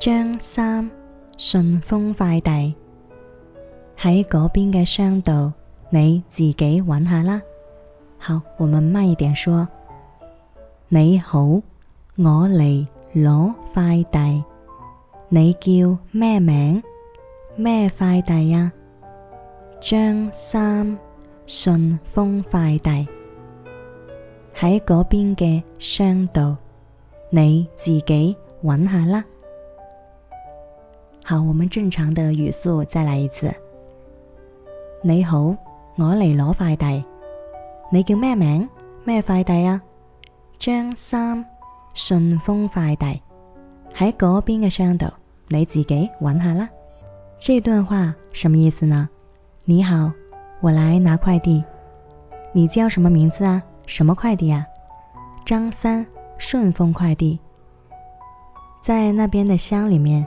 張三，順豐快遞。喺嗰邊嘅箱度，你自己揾下啦。好，我們慢一點說。你好，我嚟攞快遞。你叫咩名？咩快遞啊？張三，順豐快遞。喺嗰邊嘅箱度，你自己揾下啦。好，我們正常的語速再來一次。你好，我嚟攞快遞。你叫咩名？咩快遞啊？張三，順豐快遞。喺嗰邊嘅箱度，你自己揾下啦。這段話什麼意思呢？你好，我來拿快遞。你叫什麼名字啊？什麼快遞啊？張三，順豐快遞。在那邊的箱裏面。